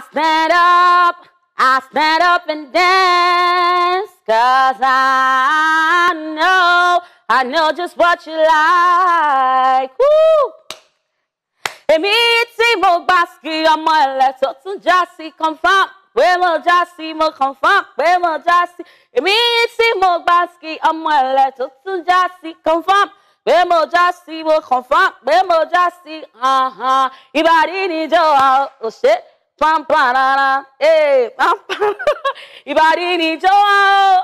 I stand up, I stand up and dance, cause I know, I know just what you like. Woo! Èmi tí mo gbà sí ọmọ ẹ̀lẹ́ tó já sí confam pé mo já sí mo confam pé mo já sí. Èmi tí mo gbà sí ọmọ ẹ̀lẹ́ tó já sí confam pé mo já sí mo confam pé mo já sí. Ìbàdí níjọ́ wa ò ṣe pamparara eh. pamparara ìbàdí ni ìjọ wa o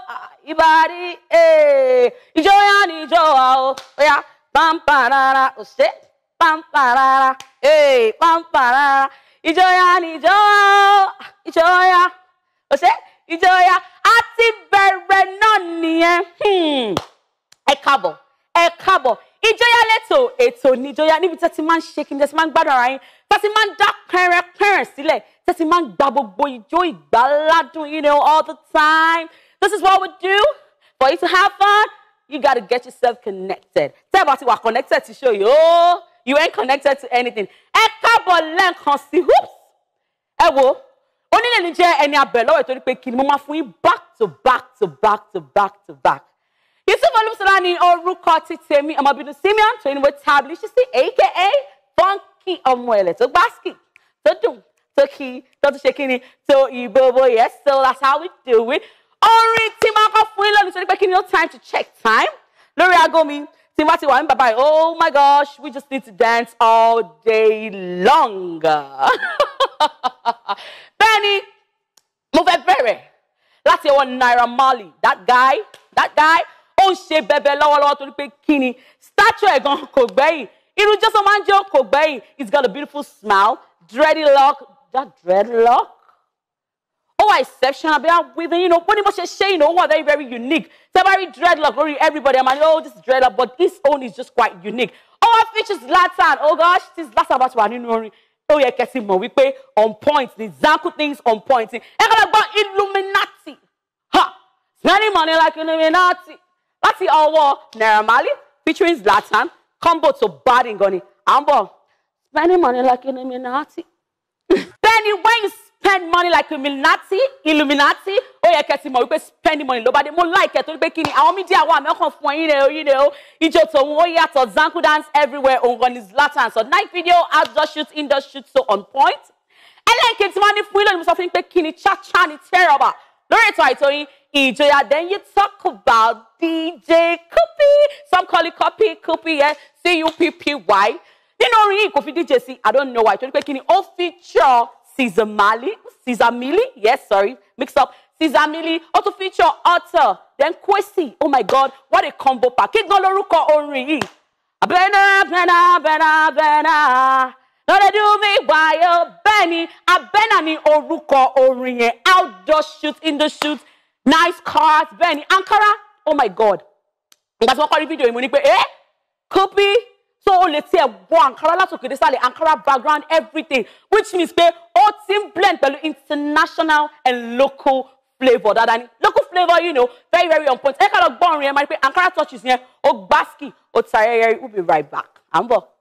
ìbàdí ee eh. ìjọ ya ni ìjọ wa o oya pamparara òsè pamparara ee eh, pamparara ìjọ ya ni ìjọ wa o ìjọ ya òsè ìjọ ya a ti bẹ̀rẹ̀ náà nìyẹn hmm. ẹ káàbọ̀ ẹ káàbọ̀ ìjọyà lẹ́tọ̀ ètò níjọyà níbi tẹ́tí máa ń ṣe kí ni tẹ́tí máa ń gbádùn ara yín tẹ́tí máa ń dá pẹ́rẹ́pẹ́rẹ́ sílẹ̀ tẹ́tí máa ń gba gbogbo ìjó ìgbáládùn you know all the time this is what we do for you to have fun you gotta get yourself connected tẹ́ ẹ bá ti wà connected ti ṣe yòó you ain't connected to anything ẹ káàbọ̀ lẹ́ẹ̀kan sí hoops ẹ wo onílẹ̀ ní jẹ́ ẹni abẹ̀ lọ́wọ́ ìtorí pé kí ni mo máa fún yín back to back to back to back to back. Yusuf Olúṣọlá ni orúkọ ti tèmi ọmọbìnrin Simeon tó ní mo tábìlì sí aka Funky ọmọ ẹ̀lẹ̀ tó gbásìkì tó dùn tó kí tó tún ṣe kí ni tó ìbòbò yes so that's how we do it. Orin tí máa kọ́ fún yín lónìí torí pé kí ni no time to check time lórí aago mi tí wọ́n ti wà ní bàbá yìí oh my gosh we just need to dance all day long. Bẹ́ẹ̀ni mo fẹ́ bẹ̀rẹ̀ láti ọwọ́ Naira Marley that guy that guy ń ṣe bẹbẹ lọ́wọ́lọ́wọ́ torí pé kí ni statue ẹ̀ gan kò gbẹ́yìn irú jésù máa ń jẹ́ kò gbẹ́yìn he's got a beautiful smile dreadlock that dreadlock Oh, wà exceptional bí wọ́n you know bóni bó ṣe ṣe you know wọ́n very very unique tẹ́ dreadlock lórí everybody i'm like oh this dreadlock but his own is just quite unique ó wá features Latin. oh gosh this Zlatan about ti wà nínú orin ó yẹ kẹsì mọ̀ wípé on point The zanku things on point ni ẹ kọ́ lọ gbọ́ illuminati ha many money like illuminati láti ọwọ́ Naira Marley featuring Zlatan combo tó bad ngani à ń bọ̀. spending money like Illuminati. Benny when you spend money like Illuminati Illuminati ó yẹ kẹ́ ti mọ̀ wípé spending money ló bá dé mo like ẹ̀ torí pé kí ni àwọn mídíà wà mẹ́kàn fún ẹ̀yin rẹ̀ oyin rẹ̀ o ìjọ tòun ó yàtọ̀ zanku dance everywhere òun gan ni Zlatan so night video outdoor shoot indoor shoot so on point ẹlẹ́nkejì tí wọ́n ní fún yín lónìí mo sọ fún yín pé kí ni chacha ni tẹ́rọ̀bà lórí ètò àìtó yín Ijoya. Then you talk about DJ Cuppy. Some call it Copy Cuppy, yeah. C-U-P-P-Y. Nínú orin yìí kò fi DJ I don't know why. Torí pé kí ni ó feature Cesar Mali, Cesar Mili, yes, sorry, mix up. Cesar Mili, ó feature Otter, then Kwesi. Oh my God, what a combo pack. Kí gan lórúkọ orin yìí? Abena, Abena Abena bena. Lọ́dẹ do me wáyọ̀ oh, Benny. Abena ni orúkọ orin yẹn. Outdoor shoot, indoor shoot nice cars bẹ́ẹ̀ ankara oh my god ìgbà tí wọ́n kọ́ rí fídíò yìí mo eh kópì so let's lè tiẹ̀ wọ ankara látòkè dé ankara background everything which means pé all team blend pẹ̀lú international and local flavor. That and local flavor, you know very very on point ankara touches yẹn ó gbásíkì ó tayẹyẹ we'll be right back à ń